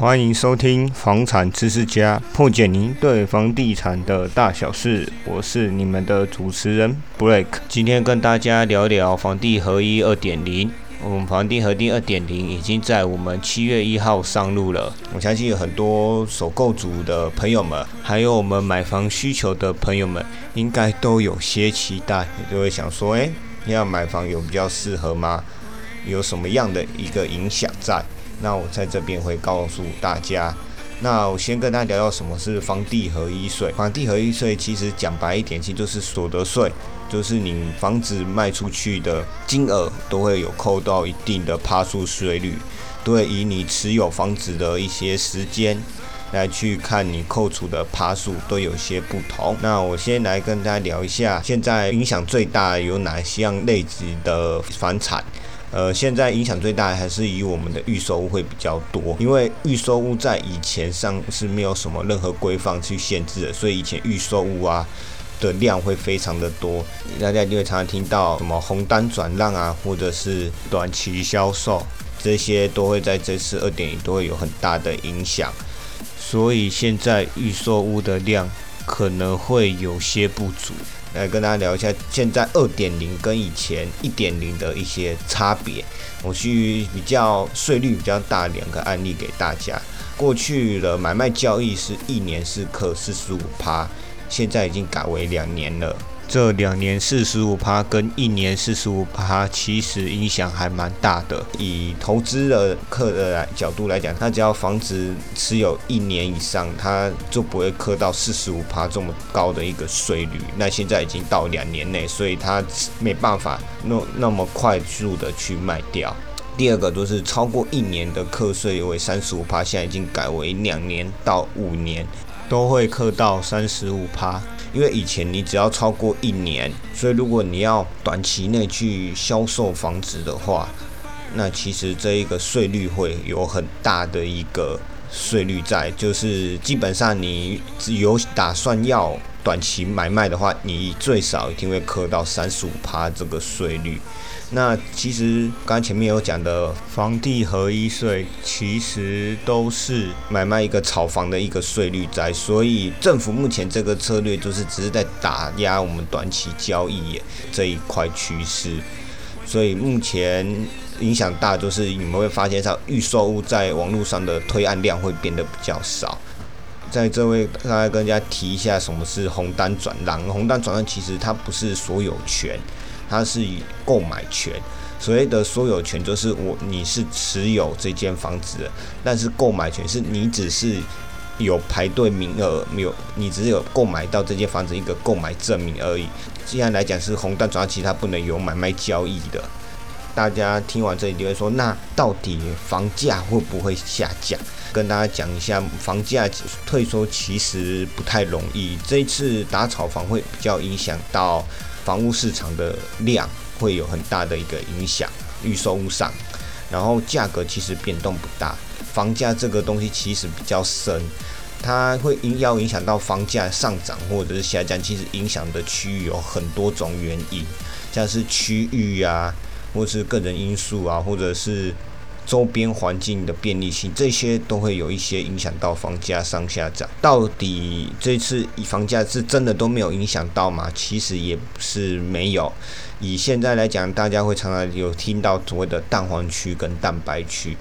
歡迎收聽《房產知識家》，破解您對房地產的大小事。我是你們的主持人 Blake。今天跟大家聊聊“房地合一二點零”。我們房地合一二點零”已經在我們七月一號上路了。我相信有很多首購族的朋友們，還有我們買房需求的朋友們，應該都有些期待，你都會想說誒：“哎。”要買房有比較適合嗎？有什麼樣的一個影響在？那我在這邊會告訴大家。那我先跟大家聊聊什麼是房地合一稅。房地合一稅其實講白一點，其實就是所得稅，就是你房子賣出去的金額都會有扣到一定的趴數稅率，對，以你持有房子的一些時間。來去看你扣除的趴數都有些不同。那我先來跟大家聊一下，現在影響最大，有哪些樣類別的房產？呃，現在影響最大還是以我們的預售屋會比較多，因為預售屋在以前上是沒有什麼任何規範去限制的，所以以前預售屋啊，的量會非常的多。大家就會常常聽到什麼紅單轉讓啊，或者是短期銷售，這些都會在這次2.0都會有很大的影響。所以現在預售屋的量可能會有些不足。來跟大家聊一下，現在二點零跟以前一點零的一些差別。我去比較稅率比較大兩個案例給大家。過去的買賣交易是一年是課四十五趴，現在已經改為兩年了。這兩年四十五趴跟一年四十五趴其實影響還蠻大的。以投資的客的角度來講，他只要房子持有一年以上，他就不會課到四十五趴這麼高的一個稅率。那現在已經到兩年內，所以他沒辦法那那麼快速的去賣掉。第二個就是超過一年的課稅為三十五趴，現在已經改為兩年到五年都會課到三十五趴。因為以前你只要超過一年，所以如果你要短期內去銷售房子的話，那其實這一個稅率會有很大的一個稅率在，就是基本上你有打算要。短期買賣的話，你最少一定會課到三十五趴這個稅率。那其實剛剛前面有講的房地合一稅，其實都是買賣一個炒房的一個稅率在。所以政府目前這個策略就是只是在打壓我們短期交易這一塊趨勢。所以目前影響大的就是你們會發現上預售屋，在網絡上的推案量會變得比較少。在這位，剛才跟人家提一下，什麼是紅單轉讓？紅單轉讓其實它不是所有權，它是以購買權。所謂的所有權就是我你是持有這間房子的，但是購買權是你只是有排隊名額，沒有你只是有購買到這間房子一個購買證明而已。既然來講是紅單轉讓，其實它不能有買賣交易的。大家聽完這裡就會說：“那到底房價會不會下降？”跟大家講一下，房價退縮其實不太容易。這一次打炒房會比較影響到房屋市場的量，會有很大的一個影響。預售屋上，然後價格其實變動不大。房價這個東西其實比較深，它會要影響到房價上漲或者是下降。其實影響的區域有很多種原因，像是區域啊。或是個人因素啊，或者是周邊環境的便利性，這些都會有一些影響到房價上下漲。到底這次房價是真的都沒有影響到嗎？其實也不是沒有。以現在來講，大家會常常有聽到所謂的蛋黃區跟蛋白區。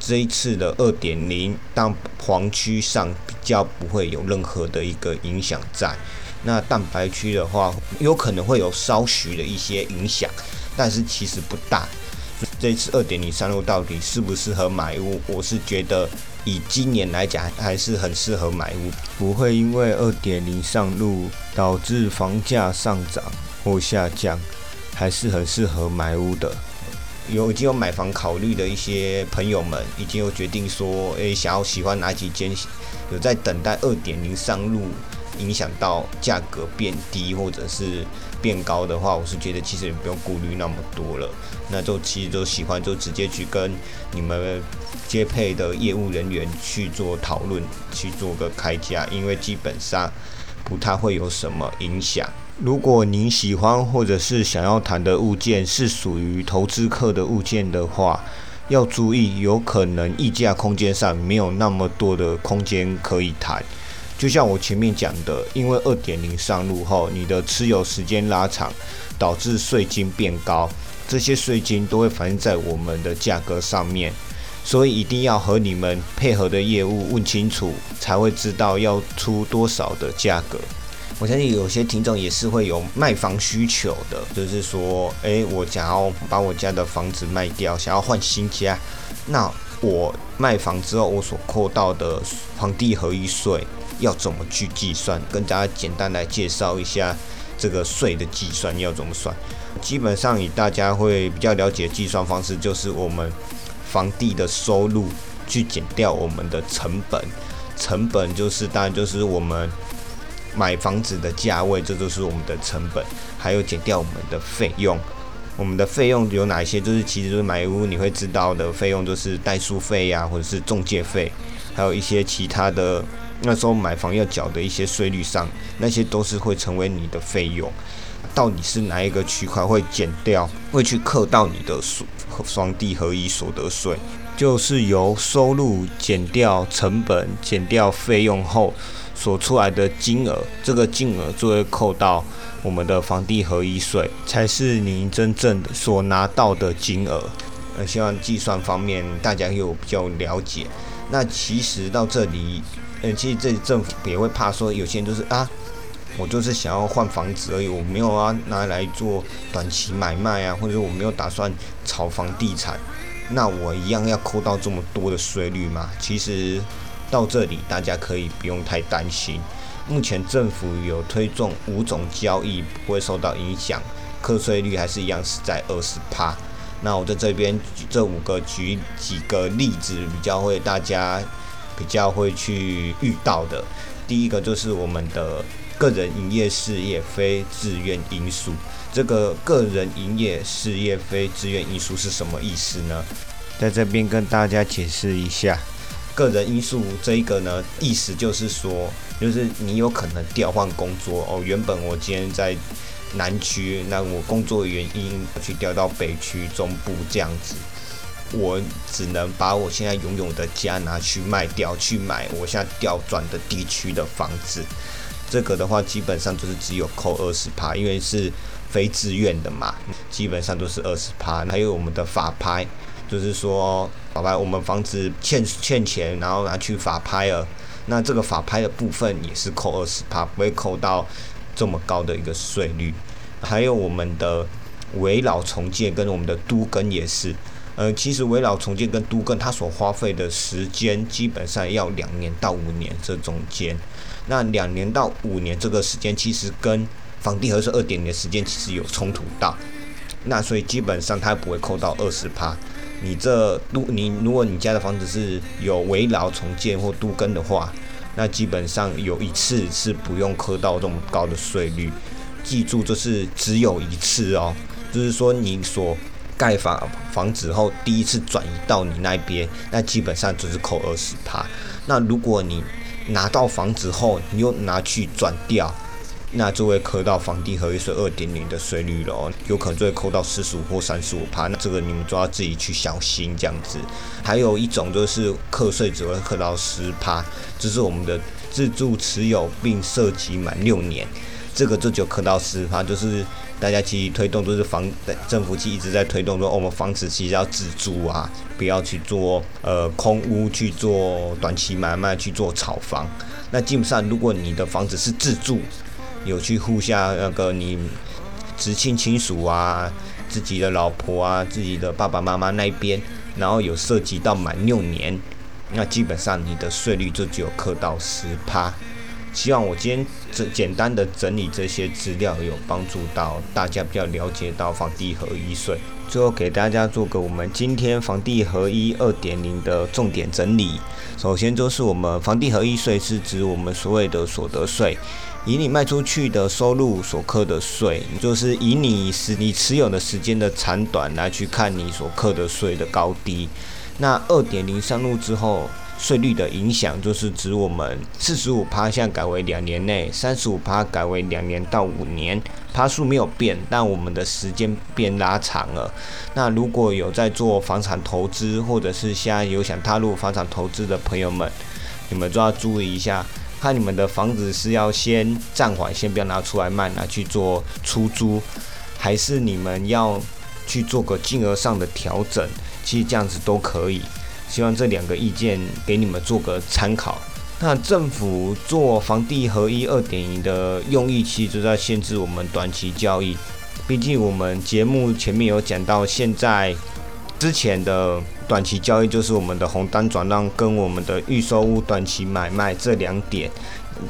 這一次的二點零蛋黃區上比較不會有任何的一個影響在，那蛋白區的話，有可能會有稍許的一些影響。但是其實不大。這次二點零上路到底適不適合買屋？我是覺得以今年來講，還是很適合買屋，不會因為二點零上路導致房價上漲或下降，還是很適合買屋的。有已經有買房考慮的一些朋友們，已經有決定說，誒、欸，想要喜歡哪幾間，有在等待二點零上路。影響到價格變低或者是變高的話，我是覺得其實也不用顧慮那麼多了。那就其實就喜歡就直接去跟你們接配的業務人員去做討論，去做個開價，因為基本上不太會有什麼影響。如果您喜歡或者是想要談的物件是屬於投資客的物件的話，要注意有可能議價空間上沒有那麼多的空間可以談。就像我前面講的，因為二點零上路後，你的持有時間拉長，導致稅金變高，這些稅金都會反映在我們的價格上面，所以一定要和你們配合的業務問清楚，才會知道要出多少的價格。我相信有些聽眾也是會有賣房需求的，就是說，哎，我想要把我家的房子賣掉，想要換新家，那我賣房之後我所扣到的房地合一稅，要怎麼去計算？跟大家簡單來介紹一下這個稅的計算要怎麼算。基本上，以大家會比較了解計算方式，就是我們房地的收入去減掉我們的成本，成本就是當然就是我們買房子的價位，這都是我們的成本，還有減掉我們的費用。我們的費用有哪些？就是其實就是買屋你會知道的費用，就是代數費呀、啊，或者是中介費，還有一些其他的。那時候買房要繳的一些稅率上，那些都是會成為你的費用。到底是哪一個區塊會減掉，會去扣到你的房地合一所得稅？就是由收入減掉成本、減掉費用後，所出來的金額，這個金額就會扣到我們的房地合一稅，才是你真正的所拿到的金額。呃，希望計算方面大家有比較了解。那其實到這裡。其實這政府也會怕說，有些人就是啊，我就是想要換房子，而已，我沒有啊拿來做短期買賣啊，或者說我沒有打算炒房地產，那我一樣要扣到這麼多的稅率嗎？其實到這裡大家可以不用太擔心，目前政府有推動五種交易，不會受到影響，課稅率還是一樣是在二十趴。那我在這邊舉這五個舉幾個例子，比較會大家，比較會去遇到的，第一個就是我們的個人營業事業非自願因素。這個個人營業事業非自願因素是什麼意思呢？在這邊跟大家解釋一下，個人因素這一個呢，意思就是說，就是你有可能調換工作哦。原本我今天在南區，那我工作原因去調到北區中部這樣子。我只能把我現在擁有的家拿去賣掉，去買我現在調轉的地區的房子。這個的話，基本上就是只有扣二十趴，因為是非自願的嘛，基本上都是二十趴。還有我們的法拍，就是說法拍我們房子欠欠錢，然後拿去法拍了，那這個法拍的部分也是扣二十趴，不會扣到這麼高的一個稅率。還有我們的危老重建跟我們的都更也是。呃，其實危老重建跟都更，它所花費的時間基本上要兩年到五年這中間，那兩年到五年這個時間，其實跟房地合一二點零的時間其實有衝突到，那所以基本上它不會扣到二十趴。你這如你如果你家的房子是有危老重建或都更的話，那基本上有一次是不用扣到這麼高的稅率，記住這是只有一次哦，就是說你所。蓋房房子後第一次轉移到你那邊，那基本上就是扣二十趴。那如果你拿到房子後，你又拿去轉掉，那就會扣到房地合一稅二點零的稅率了哦，有可能就會扣到四十五或三十五趴。那這個你們就要自己去小心這樣子。還有一種就是課稅只會扣到十趴，就是我們的自住持有並設籍滿六年，這個就就扣到十趴，就是。大家其實推動都是房，政府其實一直在推動說、哦，我們房子其實要自住啊，不要去做呃空屋去做短期買賣去做炒房。那基本上，如果你的房子是自住，有去戶下那個你直系親屬啊、自己的老婆啊、自己的爸爸媽媽那邊，然後有涉及到滿六年，那基本上你的稅率就只有課到十趴。希望我今天簡簡單的整理這些資料有幫助到大家，比較了解到房地合一稅。最後給大家做個我們今天房地合一二點零的重點整理。首先就是我們房地合一稅是指我們所謂的所得稅，以你賣出去的收入所課的稅，就是以你持你持有的時間的長短來去看你所課的稅的高低。那二點零上路之後，稅率的影響就是指我們四十五趴現在改為兩年內，三十五趴改為兩年到五年，趴數沒有變，但我們的時間變拉長了。那如果有在做房產投資，或者是現在有想踏入房產投資的朋友們，你們就要注意一下，看你們的房子是要先暫緩，先不要拿出來賣，拿去做出租，還是你們要去做個金額上的調整。其實這樣子都可以，希望這兩個意見給你們做個參考。那政府做房地合一2.0的用意，其實就在限制我們短期交易。畢竟我們節目前面有講到，現在之前的短期交易就是我們的紅單轉讓跟我們的預售屋短期買賣這兩點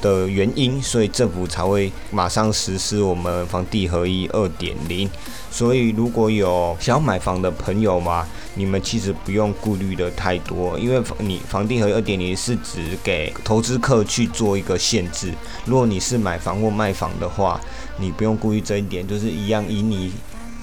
的原因，所以政府才會馬上實施我們房地合一2.0。所以，如果有想要買房的朋友嘛，你們其實不用顧慮的太多，因為你房地合一二點零是只給投資客去做一個限制。如果你是買房或賣房的話，你不用顧慮這一點，就是一樣以你。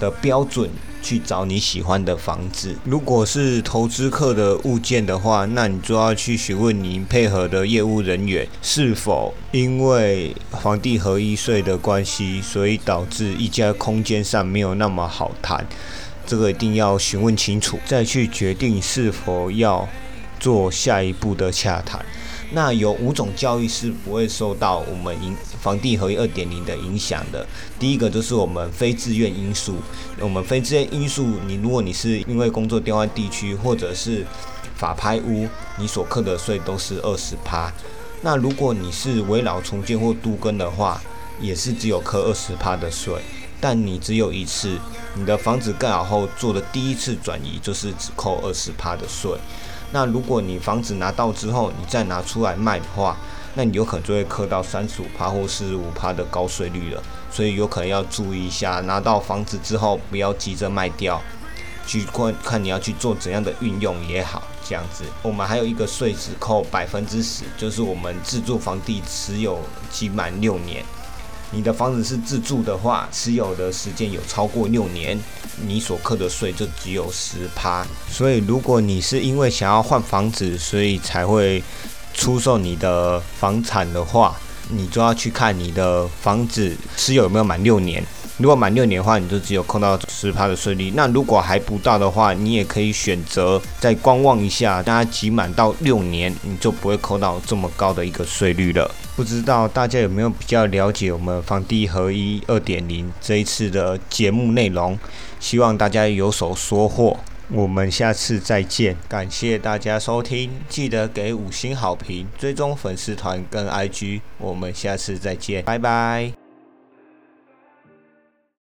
的標準去找你喜歡的房子。如果是投資客的物件的話，那你就要去詢問你配合的業務人員，是否因為房地合一稅的關係，所以導致一家空間上沒有那麼好談。這個一定要詢問清楚，再去決定是否要做下一步的洽談。那有五種交易是不會受到我們影。房地合一二點零的影響的，第一個就是我們非自願因素。我們非自願因素，你如果你是因為工作調換地區，或者是法拍屋，你所扣的稅都是二十趴。那如果你是危老重建或都更的話，也是只有課二十趴的稅，但你只有一次。你的房子蓋好後做的第一次轉移，就是只扣二十趴的稅。那如果你房子拿到之後，你再拿出來賣的話，那你有可能就會課到三十五趴或四十五趴的高稅率了，所以有可能要注意一下，拿到房子之後不要急着賣掉，去看你要去做怎樣的運用也好。這樣子，我們還有一個稅只扣百分之十，就是我們自住房地持有期滿六年，你的房子是自住的話，持有的時間有超過六年，你所扣的稅就只有十趴。所以如果你是因為想要換房子，所以才會。出售你的房產的話，你就要去看你的房子持有有沒有滿六年。如果滿六年的話，你就只有扣到十趴的稅率。那如果還不到的話，你也可以選擇再觀望一下，大家集滿到六年，你就不會扣到這麼高的一個稅率了。不知道大家有沒有比較了解我們房地合一二點零這一次的節目內容？希望大家有所收穫。我們下次再見，感謝大家收聽，記得給五星好評，追蹤粉絲團跟 IG，我們下次再見，拜拜。